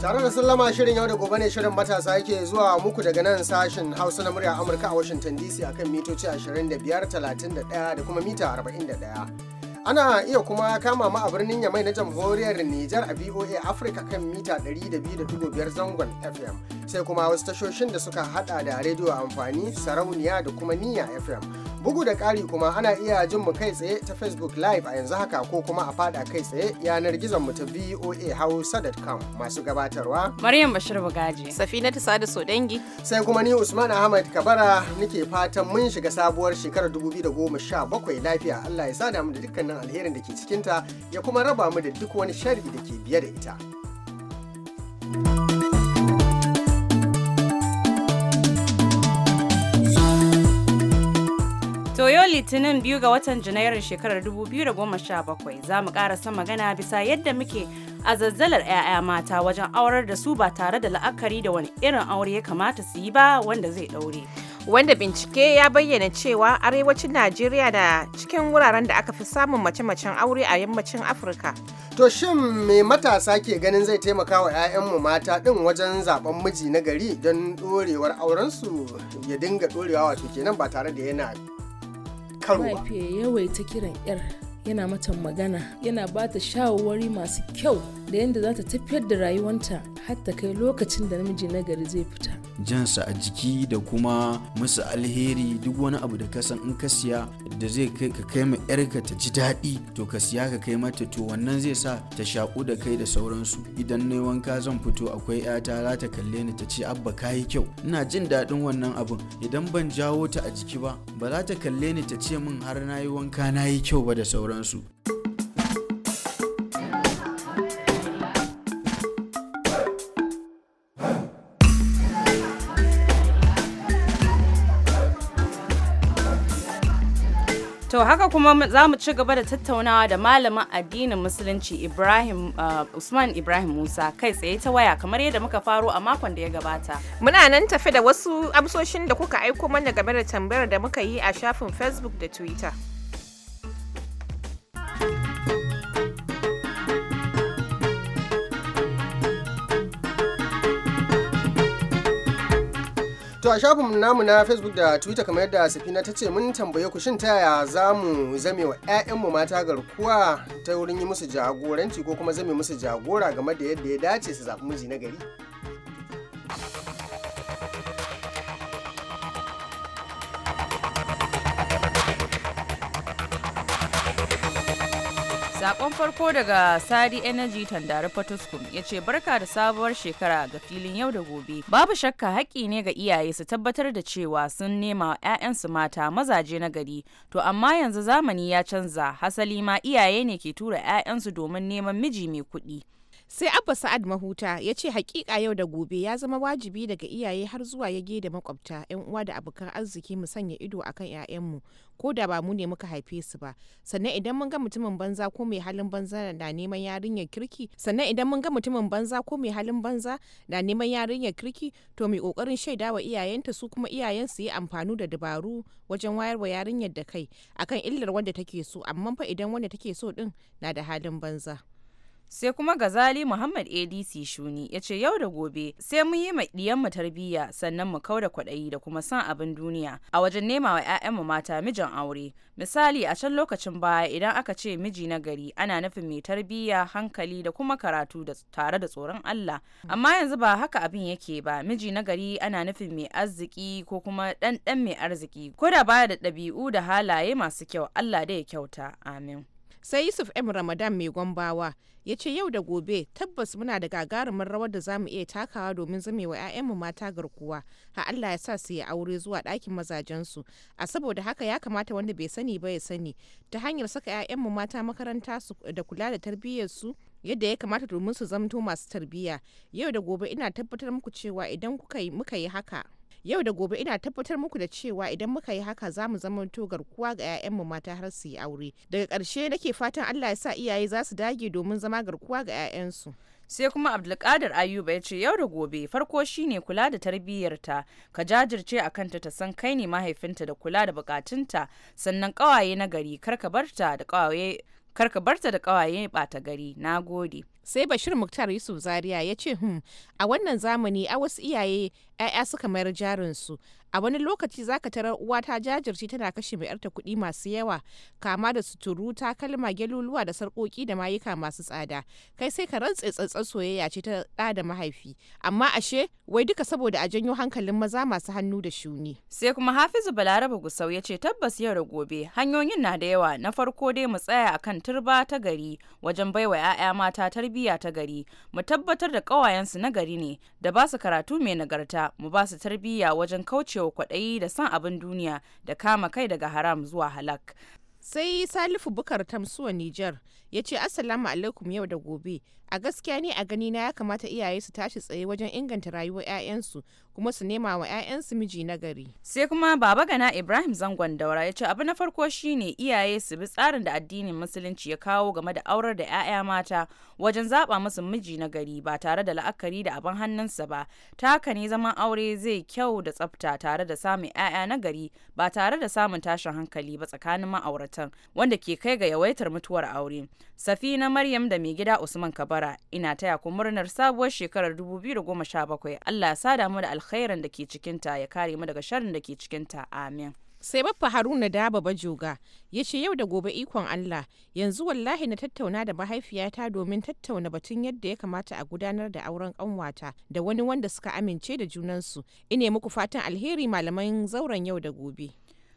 Tare da sallama shirin yau da gobe ne shirin matasa yake zuwa muku daga nan sashen Hausa na murya Amurka a Washington DC akan mitoci 25, 31 da kuma mita 41. ana iya kuma kama ma a birnin yamai na jamhuriyar Nijar a VOA Africa kan mita 200.5 zangon FM sai kuma wasu tashoshin da suka hada da rediyo amfani sarauniya da kuma niyya FM Bugu da ƙari kuma ana iya jin mu kai tsaye ta Facebook Live a yanzu haka ko kuma a fada kai tsaye yanar gizon mu ta VOA Hausa.com masu gabatarwa. Maryam Bashir Bugaji. Safina Sada dangi. Sai kuma ni Usman Ahmad Kabara nake fatan mun shiga sabuwar shekarar 2017 lafiya Allah ya sada mu da dukkanin alherin da ke cikinta ya kuma raba mu da duk wani sharri da ke biye da ita. yau litinin biyu ga watan janairun shekarar 2017 za mu son magana bisa yadda muke a zazzalar 'ya'ya mata wajen aurar da su ba tare da la'akari da wani irin aure ya kamata su yi ba wanda zai daure. wanda bincike ya bayyana cewa arewacin najeriya da cikin wuraren da aka fi samun mace-macen aure a yammacin afirka to shin me matasa ke ganin zai taimaka wa mu mata din wajen zaben miji na gari don ɗorewar aurensu ya dinga ɗorewa wato kenan ba tare da yana karuwa ya yawaita kiran yar yana mata magana yana ba ta shawarwari masu kyau da yadda za ta tafiyar da rayuwanta har ta kai lokacin da namiji na gari zai fita jansa a jiki da kuma musu alheri duk wani abu da kasan in ka siya da zai kai ka kai ma yarka ta ji daɗi to ka siya ka kai mata to wannan zai sa ta shaƙu da kai da sauransu idan nai wanka zan fito akwai yata za ta kalle ni ta ce abba ka yi kyau ina jin daɗin wannan abun idan ban jawo ta a jiki ba ba za ta kalle ni ta ce min har na yi wanka na yi kyau ba da sauransu. To haka kuma za mu ci gaba da tattaunawa da malamin addinin musulunci Ibrahim uh, Usman Ibrahim Musa kai tsaye ta waya kamar yadda muka faro a makon da ya gabata. Muna nan tafi da wasu amsoshin da kuka aiko mana game da tambayar da muka yi a shafin Facebook da Twitter. a shafin namu na Facebook da Twitter kamar yadda Safina ta ce mun tambaye ku shin ta yaya za mu zame wa mu mata garkuwa ta wurin yi musu jagoranci ko kuma zame musu jagora game da yadda ya dace su zafi miji na gari. Sakon farko daga Sadi Energy Tandare Potoskum ya ce barka da sabuwar shekara ga filin yau da gobe. Babu shakka haƙƙi ne ga iyaye su tabbatar da cewa sun nema 'ya'yansu mata mazaje na gari. To amma yanzu zamani ya canza, hasali ma iyaye ne ke tura 'ya'yansu domin neman miji mai kuɗi. sai abba sa'ad mahuta ya ce hakika yau da gobe ya zama wajibi daga iyaye har zuwa ya ge da makwabta yan uwa da abokan arziki mu sanya ido akan 'ya'yanmu ko da ba mu ne muka haife su ba sannan idan mun ga mutumin banza ko mai halin banza na neman yarinyar kirki sannan idan mun ga mutumin banza ko mai halin banza na neman yarinyar kirki to mai kokarin shaida wa iyayenta su kuma iyayen su yi amfani da dabaru wajen wayarwa yarinyar da kai akan illar wanda take so amma fa idan wanda take so din na da halin banza sai kuma gazali muhammad adc shuni ya ce yau da gobe sai mun yi diyanmu tarbiyya sannan mu kau da kwaɗayi da kuma san abin duniya a wajen nema wa 'ya'yanmu mata mijin aure misali a can lokacin baya idan aka ce miji na gari ana nufin mai tarbiyya hankali da kuma karatu da tare da tsoron allah amma yanzu ba haka abin yake ba miji na gari ana nufin mai arziki ko kuma ɗanɗan mai arziki ko da baya da ɗabi'u da halaye masu kyau allah da ya kyauta amin sai yusuf m ramadan mai gwambawa ya ce yau da gobe tabbas muna da gagarumin rawar da zamu iya takawa domin zame wa 'ya'yanmu mata garkuwa ha allah ya sa su yi aure zuwa ɗakin mazajensu a saboda haka ya kamata wanda bai sani ba ya sani ta hanyar saka 'ya'yanmu mata makaranta su da kula da tarbiyyarsu yadda ya kamata domin su zamto masu tarbiyya yau da gobe ina tabbatar muku cewa idan muka yi haka yau da gobe ina tabbatar muku da cewa idan muka yi haka za mu zama to garkuwa ga mu mata har su yi aure daga ƙarshe nake fatan allah ya sa iyaye za su dage domin zama garkuwa ga 'ya'yansu sai kuma abdulkadir ayuba ya ce yau da gobe farko shine kula da tarbiyyarta ka jajirce a kanta ta san kai ne mahaifinta da kula da bukatunta sannan kawaye na gari kar ka barta da kawaye kar ka barta da kawaye bata gari na gode sai bashir muktar yusuf zaria ya ce hmm a wannan zamani a wasu iyaye 'ya'ya suka mayar jarinsu a wani lokaci zaka tarar uwa ta jajirce tana kashe mai yarta kuɗi masu yawa kama da suturu takalma geluluwa da sarƙoƙi da mayuka masu tsada kai sai ka rantse tsatsar soyayya ce ta ɗa da mahaifi amma ashe wai duka saboda a janyo hankalin maza masu hannu da shuni sai kuma hafizu balarabu gusau ya ce tabbas yau da gobe hanyoyin na da yawa na farko dai mu tsaya akan turba ta gari wajen baiwa 'ya'ya mata tarbiyya ta gari mu tabbatar da ƙawayensu na gari ne da ba su karatu mai nagarta mu ba su tarbiyya wajen kaucewa wa kwaɗayi da san abin duniya da kama kai daga haram zuwa halak. Sai Salifu Bukar Tamsuwa Nijar ya ce Assalamu alaikum yau da gobe a gaskiya ne a gani na ya kamata iyaye su tashi tsaye wajen inganta rayuwar 'ya'yansu kuma su nema wa 'ya'yansu miji na gari sai kuma baba gana ibrahim zangon daura ya ce abu na farko shine iyaye su bi tsarin da addinin musulunci ya kawo game da aurar da 'ya'ya mata wajen zaba musu miji na gari ba tare da la'akari da abin hannunsa ba ta haka ne zaman aure zai kyau da tsafta tare da samun 'ya'ya na gari ba tare da samun tashin hankali ba tsakanin ma'auratan wanda ke kai ga yawaitar mutuwar aure safina maryam da mai gida usman kabar shawara Ina taya ku murnar sabuwar shekarar 2017. Allah ya sada mu da alkhairan da ke cikinta ya kare mu daga sharrin da ke cikinta. Amin. sai baffa haruna da daba bajoga ya ce yau da gobe ikon allah yanzu wallahi na tattauna da mahaifiyata domin tattauna batun yadda ya kamata a gudanar da auren kanwata da wani wanda suka amince da junan su ine muku fatan alheri malaman zauren yau da gobe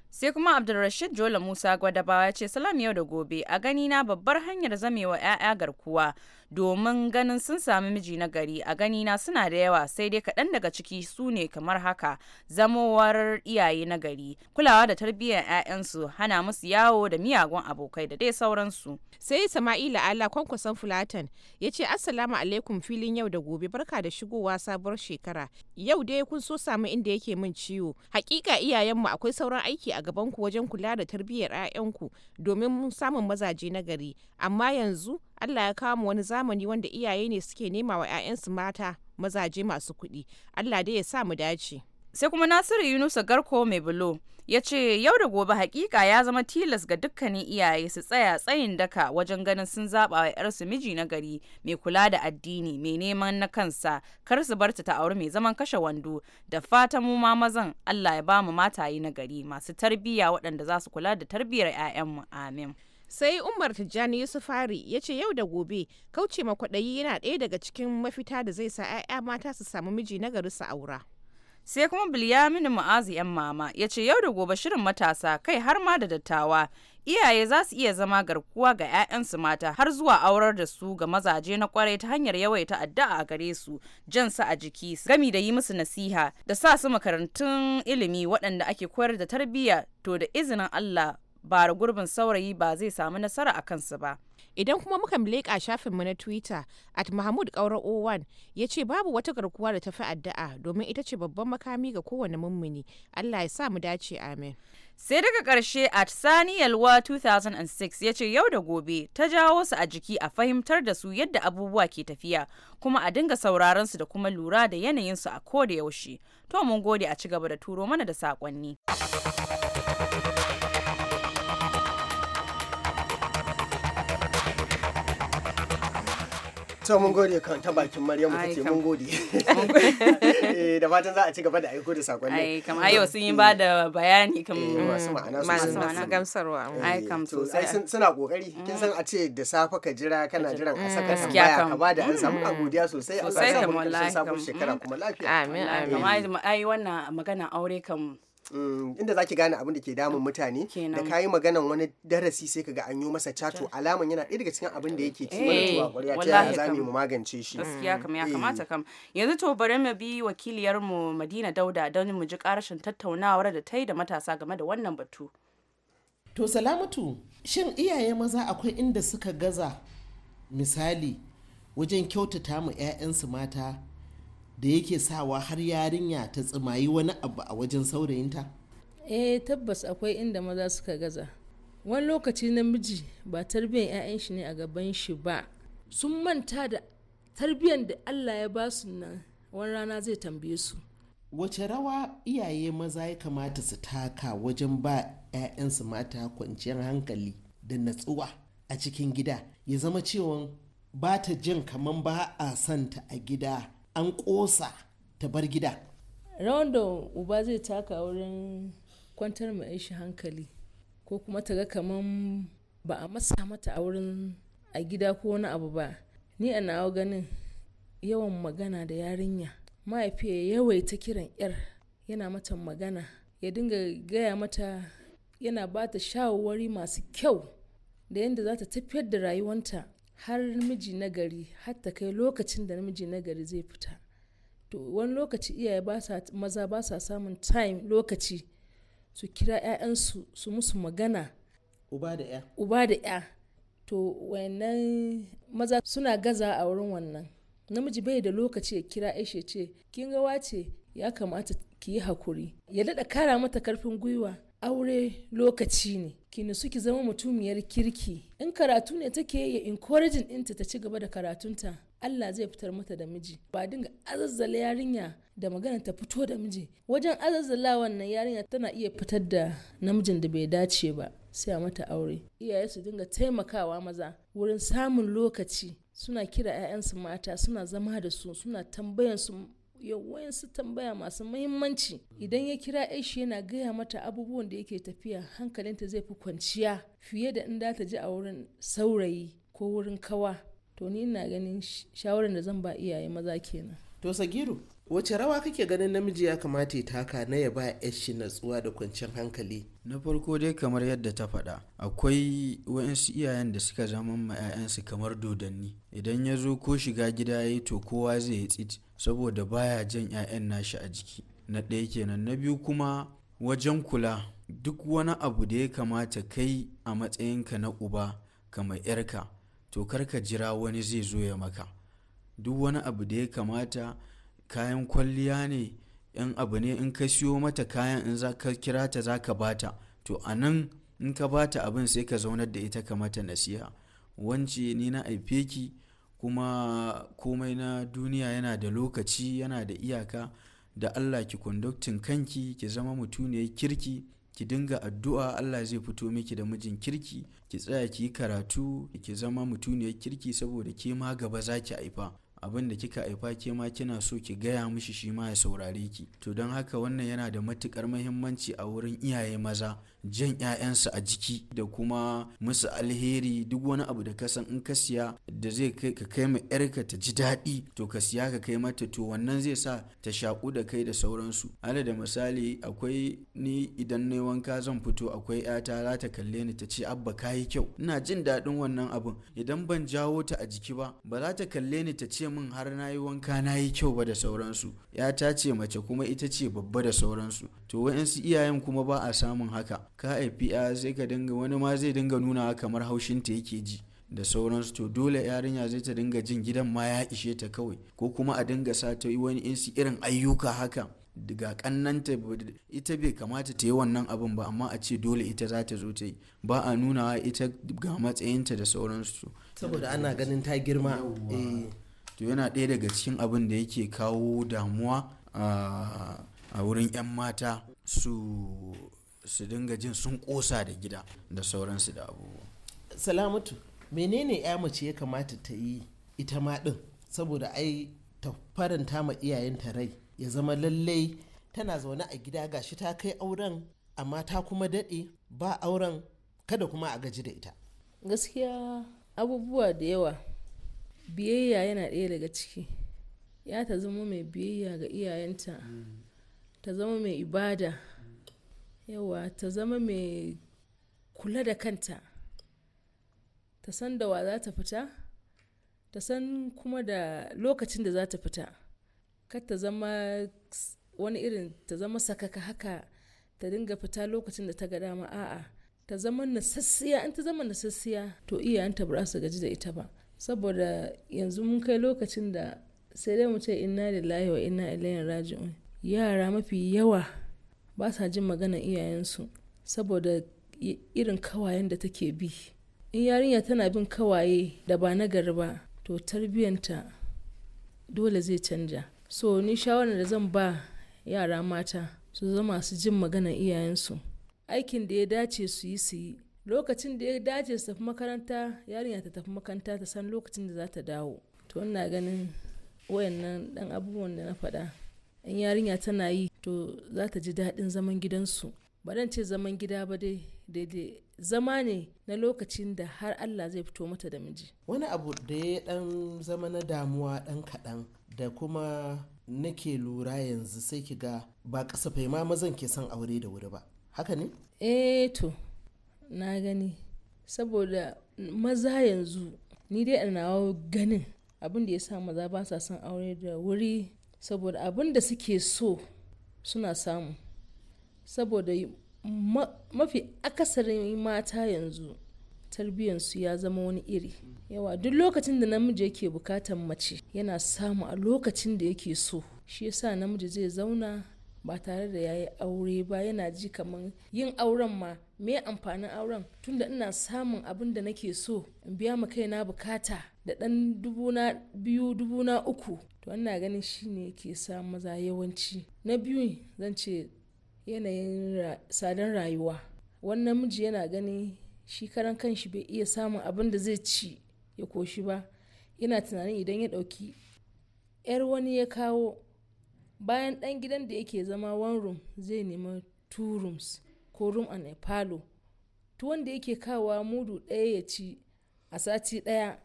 sai kuma abdulrashid jola musa gwadabawa ce salam yau da gobe a gani na babbar hanyar zamewa 'ya'ya garkuwa domin ganin sun sami miji na gari a ganina suna da yawa sai dai kaɗan daga ciki su ne kamar haka zamowar iyaye na gari kulawa da tarbiyyar 'ya'yansu hana musu yawo da miyagun abokai da dai sauransu sai sama'ila ala kwankwason fulatan ya ce assalamu alaikum filin yau da gobe barka da shigowa sabuwar shekara yau dai kun so samu inda yake min ciwo hakika iyayenmu akwai sauran aiki a gabanku wajen kula da tarbiyyar 'ya'yanku domin samun mazaje na gari amma yanzu allah ya kama wani zamani zamani wanda iyaye ne suke nema wa 'ya'yansu mata mazaje masu kuɗi allah dai ya sa mu dace sai kuma nasiru yunusa garko mai bulo ya ce yau da gobe hakika ya zama tilas ga dukkanin iyaye su tsaya tsayin daka wajen ganin sun zaba wa yarsu miji na gari mai kula da addini mai neman na kansa kar su bar ta auri mai zaman kashe wando da fata mu ma mazan Allah ya bamu mu mataye na gari masu tarbiyya waɗanda za su kula da tarbiyyar 'ya'yanmu amin sai umar tijjani yusufari ya ce yau da gobe kauce ma kwaɗayi yana ɗaya daga cikin mafita da zai sa 'ya'ya mata su samu miji na garin su aura sai kuma bilyamin ma'azi yan mama ya ce yau da gobe shirin matasa kai har ma da dattawa iyaye za su iya zama garkuwa ga 'ya'yansu mata har zuwa aurar da su ga mazaje na kwarai ta hanyar yawaita addu'a a gare su jan su a jiki gami da yi musu nasiha da sa su makarantun ilimi waɗanda ake koyar da tarbiyya to da izinin Allah bara gurbin saurayi ba zai samu nasara a kansu ba. Idan kuma muka leƙa shafinmu na Twitter, at Mahmud Kaura O1 ya ce babu wata garkuwa da tafi addu'a domin ita ce babban makami ga kowane mummuni. Allah ya sa mu dace amin. Sai daga ƙarshe at Sani Yalwa 2006 ya ce yau da gobe ta jawo su a jiki a fahimtar da su yadda abubuwa ke tafiya kuma a dinga sauraron su da kuma lura da yanayinsu a ko da yaushe. To mun gode a ci gaba da turo mana da saƙonni. to mun gode kan ta bakin maryamu ta mun gode eh da fatan za a ci gaba da aiko da sakonni ai kam ayo sun yi ba da bayani kam eh, masu ma'ana masu ma'ana gamsarwa ai eh, kam to sai suna kokari kin san mm. a ce da safa ka jira kana jiran a saka mm. baya ka ba da an samu a mm. godiya sosai a samu sabon shekara kuma lafiya amin amin ai wannan magana aure kam Mm, inda zaki gane abin da ke damun mutane da kayi maganan wani darasi sai kaga an yi masa cato alaman yana ɗaya daga cikin abin da yake kimantuwa eh, ƙwarya ta za mu magance shi gaskiya kam ya mm. kamata kam yanzu to bari mu bi wakiliyar mu Madina Dauda don mu ji ƙarashin tattaunawar da ta yi da matasa game da wannan batu to salamatu shin iyaye maza akwai inda suka gaza misali wajen kyautata mu 'ya'yansu mata da yake sawa har yarinya ta tsimayi wani abu a wajen saurayinta? eh tabbas akwai inda maza suka gaza wani lokaci namiji ba tarbiyyar 'ya'yan shi ne a gaban shi ba sun manta da tarbiyyar da allah ya ba su nan wani rana zai tambaye su wace rawa iyaye maza ya kamata su taka wajen ba 'ya'yansu mata kwanciyar hankali da natsuwa a cikin gida ya zama cewa ba ta jin kamar ba a santa a gida an ƙosa ta bar gida rawan da uba zai taka wurin kwantar mai shi hankali ko kuma ta ga kaman ba a masa mata a wurin a gida ko wani abu ba ni a nawa ganin yawan magana da yarinya mahaifi ya yawaita kiran yar yana mata magana ya dinga gaya mata yana ba ta shawarwari masu kyau da yadda za ta tafiyar da rayuwanta har miji nagari hatta har ta kai lokacin da namiji nagari zai fita to wani lokaci iyaye maza ba sa samun time lokaci su kira 'ya'yansu su musu magana uba da 'ya to wannan maza suna gaza a wurin wannan namiji bai da lokaci ya kira ce kin ga wace ya kamata ki yi hakuri ya daɗa kara mata karfin gwiwa aure lokaci ne ki nasu ki zama mutumiyar kirki in karatu ne take ya encouraging ɗinta ta ci gaba da karatunta Allah zai fitar mata da miji ba dinga azazzala yarinya da magana ta fito da miji wajen azazzala wannan yarinya tana iya fitar da namijin da bai dace ba sai a mata aure iyaye su dinga taimakawa maza wurin samun lokaci suna kira 'ya'yansu mata suna zama da su suna tambayan su ya wayansu tambaya masu mahimmanci idan ya kira aishi yana gaya mata abubuwan da yake tafiya hankalinta zai fi kwanciya fiye da in ta ji a wurin saurayi ko wurin kawa to ni na ganin shawarar da zan ba iyaye maza kenan to sagiru wace rawa kake ganin namiji ya kamata ya taka na ya ba shi natsuwa da kwanciyar hankali na farko dai kamar yadda ta faɗa akwai wayansu iyayen da suka zama ma 'ya'yansu kamar dodanni idan ya zo ko shiga gida ya yi to kowa zai yi tsit saboda baya jan 'ya'yan nashi a jiki na ɗaya kenan na biyu kuma wajen kula duk wani abu da ya kamata kai a matsayinka na uba kamar 'yarka to kar ka jira wani zai zo ya maka duk wani abu da ya kamata kayan kwalliya ne in abu ne in ka siyo mata kayan in za ka kira ta za ka bata to a nan in ka bata abin sai ka zaunar da ita ka mata nasiha wance ni na aife ki kuma komai na duniya yana da lokaci yana da iyaka da allah ki konduktin kanki ki zama mutuniyar kirki ki dinga addu'a allah zai fito miki da mijin kirki ki tsaya ki yi karatu ki zama mutuniyar kirki saboda ke ma gaba za ki haifa abin da kika haifa ke ma kina so ki gaya mishi shi ma ya saurare ki to don haka wannan yana da matukar muhimmanci a wurin iyaye maza jan 'ya'yansu a jiki da kuma musu alheri duk wani abu da ka san in ka siya da zai kai ka kai ma 'yarka ta ji daɗi to ka siya ka kai mata to wannan zai sa ta shaƙu da kai da sauransu ala da misali akwai ni idan na wanka zan fito akwai 'yata za ta kalle ni ta ce abba ka yi kyau ina jin daɗin wannan abun idan ban jawo ta a jiki ba ba za ta kalle ni ta ce min har na yi wanka na yi kyau ba da sauransu 'yata ce mace kuma ita ce babba da sauransu to wa'yansu iyayen kuma ba a samun haka ka haifi ya sai ka dinga wani ma zai dinga nuna kamar haushin ta yake ji da sauransu to dole yarinya zai ta dinga jin gidan ma ya ishe ta kawai ko kuma a dinga sa ta yi wani insu irin ayyuka haka daga kannanta ita bai kamata ta yi wannan abin ba amma a ce dole ita za ta zo ta yi ba a nuna ita ga matsayinta da sauransu saboda ana ganin ta girma eh. to yana ɗaya daga cikin abin da yake kawo damuwa a ah, a wurin 'yan mata su su dinga jin sun kosa da gida da sauransu da abubuwa salamatu menene ya mace ya kamata ta yi ita ma din saboda ai ta faranta ma iyayenta rai ya zama lallai tana zaune a gida gashi ta kai auren amma ta kuma daɗe ba auren kada kuma a gaji da ita gaskiya abubuwa da yawa biyayya yana ɗaya daga ciki ya ta zama mai biyayya ga iyayenta mm. ta zama mai ibada yawa ta zama mai kula da kanta ta san da wa za ta fita ta san kuma da lokacin da za ta fita kar ta zama wani irin ta zama sakaka haka ta dinga fita lokacin da ta ga dama a'a ta zama nasassiya in ta zama nasassiya to iyayenta ba su gaji da ita ba saboda yanzu mun kai lokacin da sai dai mu ce inna lillahi wa inna ilaihi raji'un yara mafi yawa ba sa jin magana iyayensu saboda irin kawayen da take bi in yarinya tana bin kawaye da ba na ba to tarbiyyanta dole zai canja so ni shawarar da zan ba yara mata su zama su jin magana iyayensu aikin da ya dace su yi su yi lokacin da ya dace su tafi makaranta yarinya ta tafi makaranta ta san lokacin da za ta dawo to ina ganin wayannan dan abubuwan da na faɗa in yarinya tana yi to za ta ji daɗin zaman gidansu ba dan ce zaman gida ba dai daidai zama ne na lokacin da har Allah zai fito mata da miji wani abu da ya dan zama na damuwa dan kaɗan da kuma nake lura yanzu sai ki ga ba kasafai ma mazan ke son aure da wuri ba haka ne eh to na gani saboda maza yanzu ni dai ganin abin da ya sa maza ba sa son aure da wuri saboda abin da suke so suna samu saboda mafi akasarin mata yanzu tarbiyyarsu ya zama wani iri yawa duk lokacin da namiji yake bukatan mace yana samu a lokacin da yake so shi yasa namiji zai zauna ba tare da yayi aure ba yana ji kamar yin auren ma me amfanin auren tunda ina samun abin da nake so in biya ma kaina bukata da dan na biyu na uku to ina ganin shi ne ke sa maza yawanci na biyu zan ce yanayin sadan rayuwa wannan miji yana gani shi karan kanshi bai iya samun abin da zai ci ya koshi ba yana tunanin idan ya ɗauki 'yar wani ya kawo bayan ɗan gidan da yake zama one room zai nemi two rooms ko room and a palo tuwon da yake kawa mudu ɗaya ya ci a sati ɗaya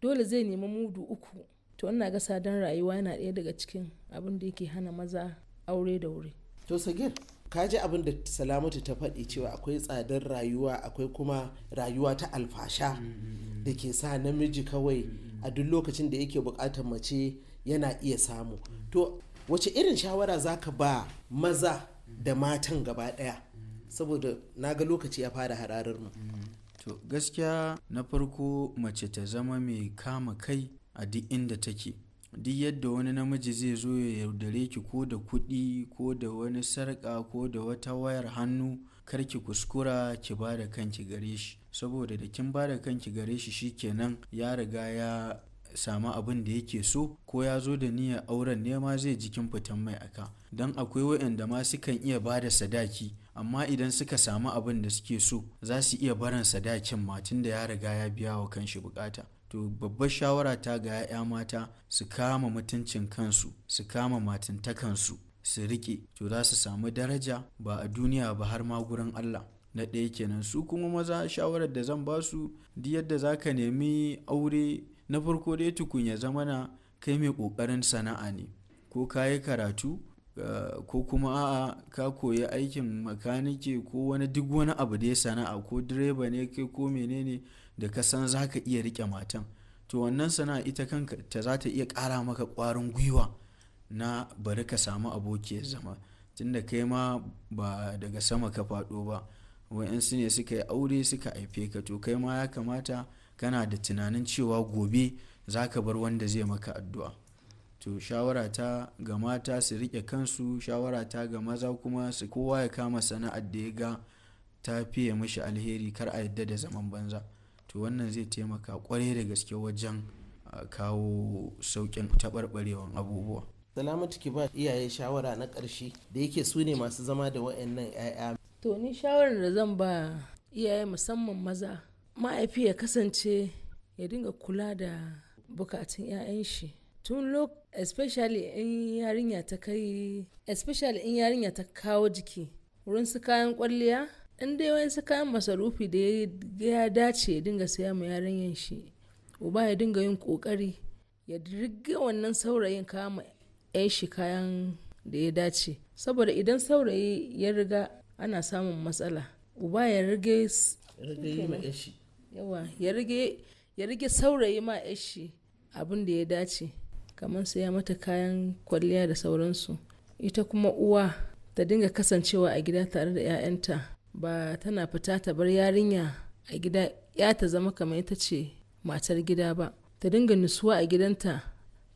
dole zai nemi mudu uku to ina ga sadan rayuwa yana ɗaya daga cikin abin da yake hana maza aure da wuri to sagir ka ji abin da salamatu ta faɗi cewa akwai tsadar rayuwa akwai kuma rayuwa ta alfasha da ke sa namiji kawai a duk lokacin da yake buƙatar mace yana iya samu to wace irin shawara za ka ba maza da matan gaba ɗaya saboda na ga lokaci ya fara hararar mu to gaskiya na farko mace ta zama mai kama kai a duk inda take duk yadda wani namiji zai zo ya yaudare ki ko da kuɗi ko da wani sarƙa ko da wata wayar hannu kar ki kuskura ki ba da kanki gare shi saboda da kin ba da kanki gare shi shi shikenan ya riga ya samu abin da yake so ko ya zo da niyyar auren nema zai jikin fitan mai aka don akwai waɗanda ma sukan iya ba da sadaki amma idan suka samu abin da suke so za su iya barin sadakin ma tun da ya riga ya biya wa kanshi bukata to babbar shawara ta ga 'ya'ya mata su kama mutuncin kansu su kama matantakansu su rike to za su samu daraja ba a duniya ba har ma gurin Allah na ɗaya kenan su kuma maza shawarar da zan ba su duk yadda za ka nemi aure na farko dai tukun ya zama na kai mai ƙoƙarin sana'a ne ko ka yi karatu ah, ko kuma a'a ka koyi aikin makanike ko wani duk wani abu da ya sana'a ko direba ne kai ko menene da ka san za ka iya rike matan to wannan sana'a ita kanka ta za ta iya ƙara maka ƙwarin gwiwa na bari ka samu abokiyar zama tunda kai ma ba daga sama ka faɗo ba wa'yansu ne suka yi aure suka haife ka to kai ma ya kamata kana da tunanin cewa gobe za ka bar wanda zai maka addu'a to shawara ta ga mata su rike kansu shawara ta ga maza kuma su kowa ya kama sana'ar da ya ga ta fiye mashi alheri kar a yadda da zaman banza to wannan zai taimaka kwarai da gaske wajen ah, kawo saukin taɓarɓarewan abubuwa salamatu ki ba iyaye shawara na ƙarshe da yake su ne masu zama da wa'annan 'ya'ya to ni shawarar da zan ba iyaye musamman maza ma'aifi ya kasance ya dinga kula da bukatun 'ya'yan shi tun lok especially in yarinya ta kai especially in yarinya ta kawo jiki wurin su kayan kwalliya in dai wani kayan masarufi da ya dace ya dinga siya ma yarinyan shi uba ya dinga yin kokari ya riga wannan saurayin kama yan shi kayan da ya dace saboda idan saurayi ya riga ana samun matsala uba ya rige ya rige saurayi ma yashi abin da ya dace kamar saya mata kayan kwalliya da sauransu ita kuma uwa ta dinga kasancewa a gida tare da 'ya'yanta ba tana fita ta bar yarinya a gida ya ta zama kamar ita ce matar gida ba ta dinga nutsuwa a gidanta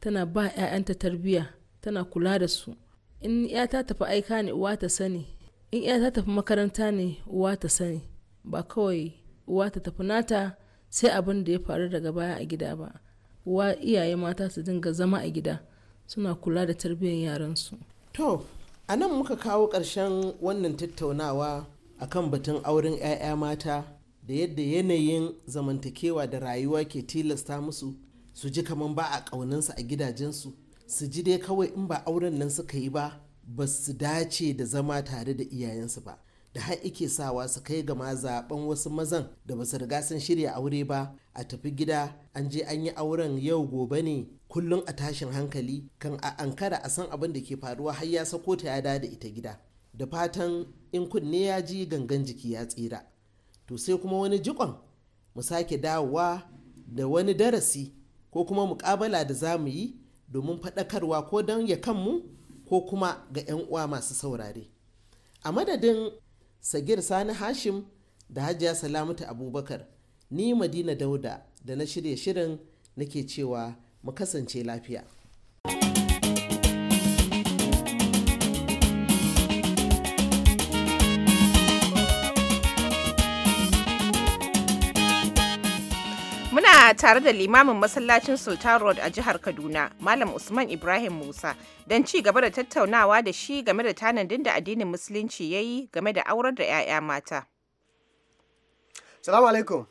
tana ba 'ya'yanta tarbiyya tana kula da su in ya ta tafi aika ne uwa ta sani in ya ta tafi makaranta ne uwa ta sani ba kawai uwa ta tafi nata sai abin da ya faru daga baya a gida ba uwa iyaye mata su dinga zama a gida suna kula da tarbiyyar yaransu to a nan muka kawo ƙarshen wannan tattaunawa akan batun auren 'ya'ya mata da yadda yanayin zamantakewa da rayuwa ke tilasta musu su ji kamar ba a ƙaunansu a gidajensu su ji dai kawai in ba auren nan suka yi ba ba su dace da zama tare da iyayensu ba da har ike sawa su kai gama zaben wasu mazan da ba su riga sun shirya aure ba a tafi gida an je an yi auren yau gobe ne kullum a tashin hankali kan a ankara a san abin da ke faruwa har ya sako ta ya da ita gida da fatan in kunne ya ji gangan jiki ya tsira to sai kuma wani jikon mu sake dawowa da wani darasi ko kuma mukabala da za mu yi domin faɗakarwa ko don ya kanmu ko kuma ga 'yan uwa masu saurare a madadin sagir sani hashim da hajiya salamatu abubakar ni madina dauda da na shirya shirin nake cewa mu kasance lafiya. thank you tare da limamin masallacin Sultan Road a jihar Kaduna, Malam Usman Ibrahim Musa, don ci gaba da tattaunawa da shi game da tanadin da addinin Musulunci ya yi game da aurar da 'ya'ya mata. Salamu alaikum.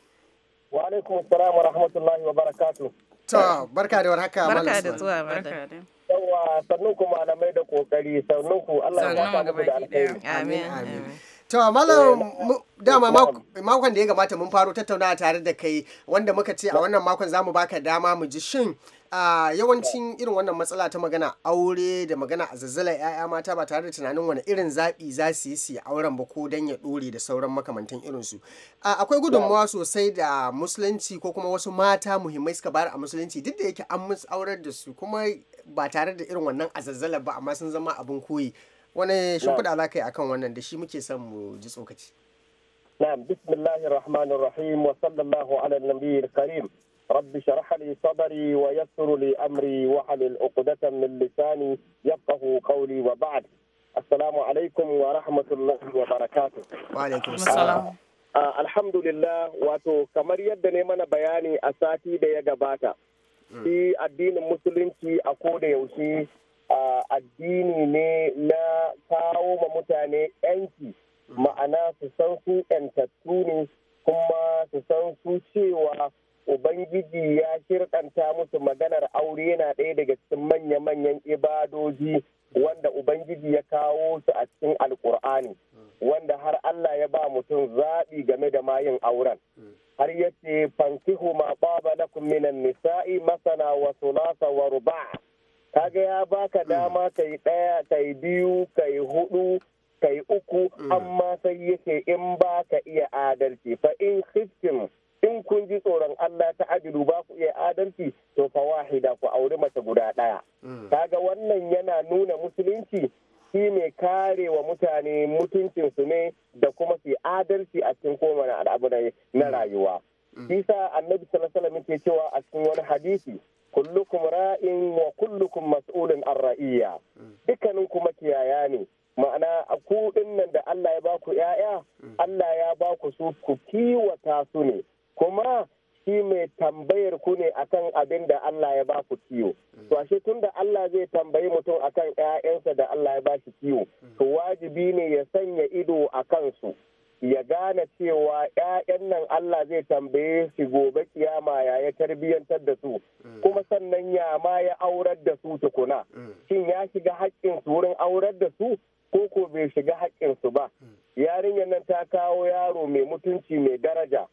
Wa alaikum salam wa rahmatullahi wa barakatu. To, barka da warhaka Malam Barka da zuwa, barka da. Yawwa, kuma na mai da kokari, sannu ku Allah ya ba da alkhairi. Amin. Amin. To malam eh, dama makon da ya gamata mun faro tattaunawa tare da kai wanda muka ce a wannan makon za mu baka dama mu ji shin yawancin irin wannan matsala ta magana aure da magana a zazzala 'ya'ya mata ba tare da tunanin wani irin zaɓi za su yi su auren ba ko dan ya ɗore da sauran makamantan irinsu. Akwai gudunmawa sosai da musulunci ko kuma wasu mata muhimmai suka bayar a musulunci duk da yake an musu aurar da su kuma ba tare da irin wannan zazzala ba amma sun zama abin koyi wani shimfiɗa za ka yi akan wannan da shi muke son mu ji tsokaci na'am bismillahi rahmanir rahim wa sallallahu ala nabiyil karim رب اشرح لي wa ويسر لي امري واحلل عقدة من bad يفقه قولي وبعد السلام wa ورحمة wa وبركاته وعليكم السلام alhamdulillah wato kamar yadda ne mana bayani a sati da ya gabata hmm. shi addinin musulunci a koda yaushe addini ne na kawo ma mutane yanki ma'ana su san su yantattu ne kuma su san su cewa ubangiji ya shirkanta musu maganar aure yana ɗaya daga cikin manya-manyan ibadoji wanda ubangiji ya kawo su a cikin alkur'ani wanda har allah ya ba mutum zaɓi game da mayin auren har yace fankihu ma ɓaba lakum minan nisa'i masana wa sulasa wa ruba' kaga ya baka dama mm. kai ɗaya kai biyu kai hudu kai uku mm. amma sai yake in ba ka iya adalci fa in khiftim in kun ji tsoron Allah ta ajiyu ba ku iya adalci to fa wahida ku auri mace guda ɗaya mm. kaga wannan yana nuna musulunci shi mai kare wa mutane mutuncin su ne da kuma su adalci a cikin kowane al'adu na rayuwa. Isa annabi sallallahu alaihi cewa a cikin wani hadisi kullukum ra'in wa kullukum mas'ulun an ra'iyya dukkanin ku makiyaya ne ma'ana a ku nan da Allah ya baku yaya Allah ya baku su ku kiwata su ne kuma shi mai tambayar ku ne akan abin da Allah ya baku kiwo to ashe tun da Allah zai tambayi mutum akan ƴaƴansa da Allah ya bashi kiwo to wajibi ne ya sanya ido a kansu ya gane cewa 'ya'yan nan Allah zai tambaye shi gobe kiyama ya ya tarbiyyantar da su eh. kuma sannan ya ma ya aurar da su tukuna eh. shin ya shiga haƙƙin su wurin aurar da su ko ko bai shiga haƙƙin su ba eh. yarinyar nan ta kawo yaro mai mutunci mai daraja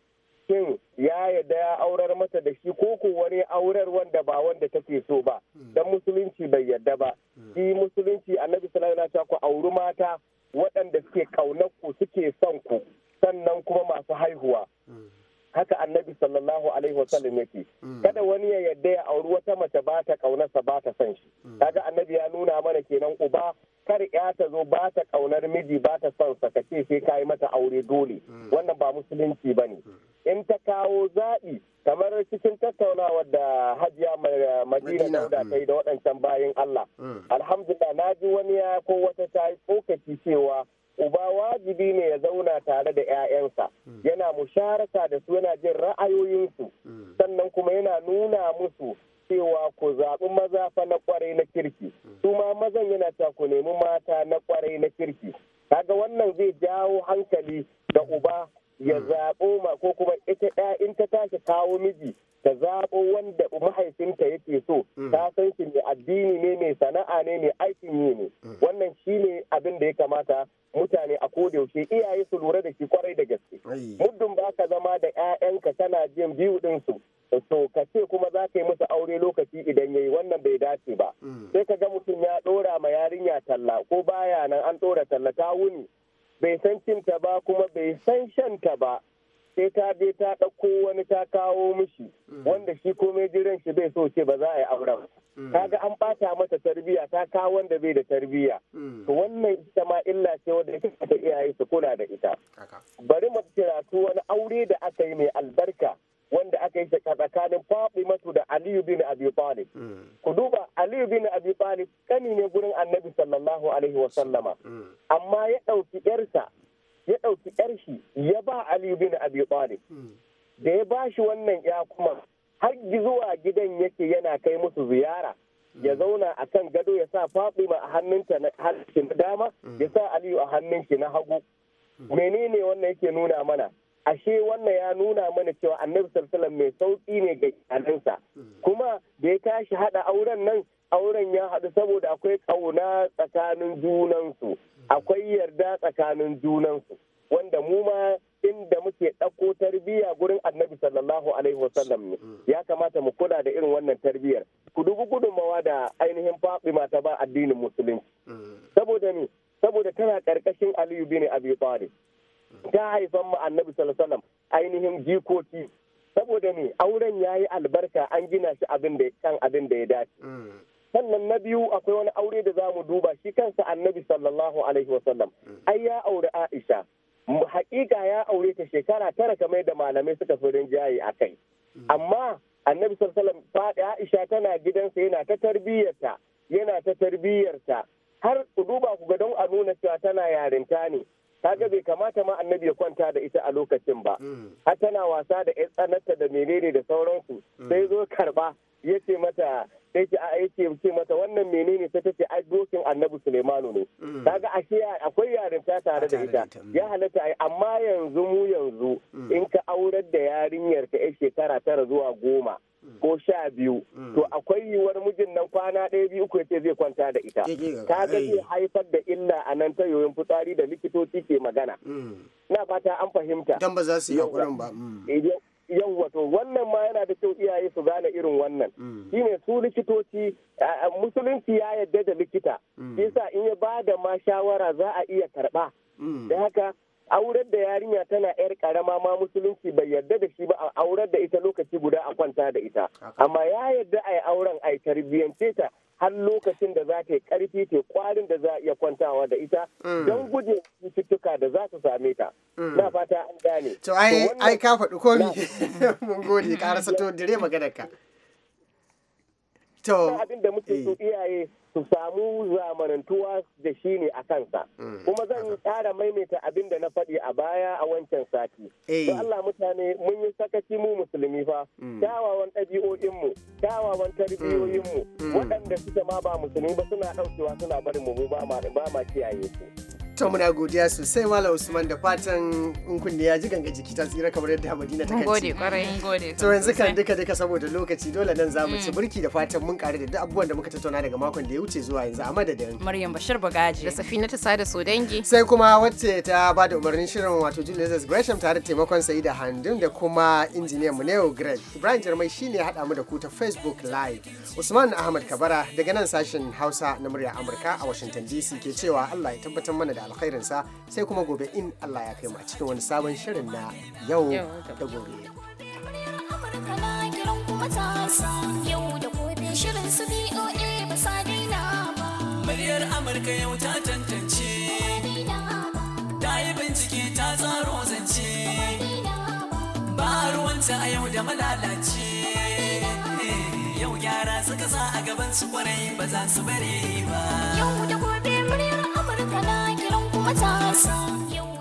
shin ya yadda ya aurar mata da shi ko ko wani aurar wanda ba wanda take so ba dan musulunci bai yadda ba shi musulunci annabi sallallahu alaihi wasallam ya auri mata waɗanda suke kauna wasallam mm. yake kada wani ya yadda ya auri wata mace ba ta kaunarsa ba ta son shi mm. kaga annabi ya nuna mana kenan uba kar ya ta zo ba ta kaunar miji ba ta son sa ka ce sai kai mata aure dole mm. wannan ba musulunci bane in ta kawo zaɓi kamar cikin tattaunawa da hajiya madina da ta yi da waɗancan bayan Allah alhamdulillah na ji wani ya ko wata ta yi tsokaci cewa uba wajibi ne ya zauna tare da 'ya'yansa yana musharaka da su yana jin ra'ayoyinsu sannan kuma yana nuna musu cewa ku zaɓi maza fa na kwarai na kirki su ma mazan yana ta ku nemi mata na kwarai na kirki kaga wannan zai jawo hankali da uba ya hmm. zaɓo ma ko kuma ita ɗaya in ta tashi kawo miji ta zaɓo wanda mahaifinta yake so hmm. ta san shi mai addini ne mai sana'a ne mai aikin yi ne hmm. wannan shi ne abin da ya kamata mutane a kodayaushe iyaye su lura da shi kwarai da gaske muddin ba ka zama da 'ya'yanka tana jin biyu ɗinsu to ka ce kuma za ka yi musu aure lokaci idan yayi wannan bai dace ba mm. sai ka ga mutum ya ɗora ma yarinya talla ko baya nan an ɗora talla ta wuni bai san cinta ba kuma bai san shanta ba sai ta je ta ɗauko wani ta kawo mishi mm. wanda shi komai jiran shi bai so ce ba za a yi auren mm. ga an bata mata tarbiya ta kawo wanda bai da tarbiya to wannan ita ma illa ce wanda ita ta iyaye su kula da ita bari mu karatu wani aure da aka yi mai albarka wanda aka yi tsakanin Fatimatu da Aliyu bin Abi Talib. Mm. Ku duba Aliyu bin Abi Talib kani ne gurin Annabi sallallahu alaihi wa sallama. Mm. Amma ya ɗauki ƴarsa ya ɗauki ƴar shi ya ba Aliyu bin Abi Talib. Mm. Da ya ba shi wannan ya kuma har zuwa gidan yake yana kai musu ziyara. ya zauna a kan gado ya sa Fatima a hannunta na dama ya sa Aliyu a hannunki na hagu. Menene wannan yake nuna mana? ashe wannan ya nuna mana cewa annabi sallallahu mai sauki ne ga iyalansa kuma da ya tashi hada auren nan auren ya haɗu saboda akwai ƙauna tsakanin junansu akwai yarda tsakanin junansu wanda mu ma inda muke ɗauko tarbiyya gurin annabi sallallahu alaihi wasallam ne ya kamata mu kula da irin wannan tarbiyyar ku dubi gudunmawa da ainihin fatima ta ba addinin musulunci mm. saboda ne saboda tana ƙarƙashin aliyu bin abi talib ta haifan mu annabi sallallahu ainihin jikoki saboda me auren ya yi albarka an gina shi abin da kan abin da ya dace mm. sannan na biyu akwai wani aure da za mu duba shi kansa annabi sallallahu alaihi wasallam mm. ai ya aure Aisha hakika ya aure ta shekara tara kamar da malamai suka fi jayi a kai mm. amma annabi sallallahu alaihi Aisha tana gidansa yana ta tarbiyyarta yana ta tarbiyyarta har ku duba ku ga don a nuna cewa tana yarinta ne kaga bai kamata ma annabi ya kwanta da ita a lokacin ba hmm. har tana wasa da yan tsanarta da menene da sauransu hmm. sai zo karba yace ce mata sai ki a yake ce mata wannan menene ta tace adokin dokin Annabi Sulaimanu ne mm. kaga ashe akwai yarinta tare da ita mm. ya halatta ai amma yanzu mu yanzu mm. in ka aurar da yarinyar ka yar shekara tara zuwa goma ko sha biyu to akwai yiwuwar mijin nan kwana ɗaya biyu ko yace zai kwanta da ita kaga zai haifar da illa a nan ta yoyin fitsari da likitoci ke magana ina fata an fahimta dan ba za su yi hakurin ba yau wato wannan ma yana da kyau iyaye su gane irin wannan mm. shine su likitoci musulunci ya yadda da likita mm. yasa in ya ba da ma shawara za a iya karba mm. da haka aurar da yarinya tana yar karama ma musulunci bai yarda da shi ba a aurar da ita lokaci guda a kwanta da ita amma ya yarda a yi auren a tarbiyyance ta har lokacin da za ta yi karfi ta kwarin da za a iya kwantawa da ita don guje cututtuka da za su same ta ne to ai ai ka faɗi komi mun gode ka rasa to dire magana ka to abin da muke so eh. iyaye su samu zamanantuwa da shi ne a kansa mm, kuma zan ƙara maimaita abin da na faɗi a baya a wancan sati eh. to Allah mutane mun yi sakaci mu musulmi fa mm. kyawawan ɗabi'o'inmu kyawawan mu mm, waɗanda suka ma ba musulmi ba suna ɗaukewa suna barin mu ba ma kiyaye su to muna godiya sosai mala Usman da fatan in kunne ya ji ganga jiki ta tsira kamar yadda Madina ta kanci. Gode kwarai To yanzu kan duka duka saboda lokaci dole nan za mu ci mm. burki da fatan mun kare da duk abubuwan da muka tattauna daga makon da ya wuce zuwa yanzu a madadin. Maryam Bashir Bagaji da Safina ta sada so dangi. Sai kuma wacce ta ba da umarnin shirin wato Julius Gresham tare da taimakon Saida Handun da kuma injiniyan mu neo Greg. Ibrahim Jarmai shine ya hada mu da ku ta Facebook Live. Usman Ahmad Kabara daga nan sashen Hausa na murya Amurka a Washington DC ke cewa Allah ya tabbatar mana da alkhairinsa sai kuma gobe in Allah ya kai mu a cikin wani sabon shirin na yau da gobe. Yau da gobe shirin su ba ba. Muryar Amurka yau ta tantance. Ta yi bincike ta tsaro zance. Ba ruwanta a yau da malalace. Yau gyara suka sa a gaban su kwarai ba za su bare ba. Yau da gobe muryar Amurka na a choice.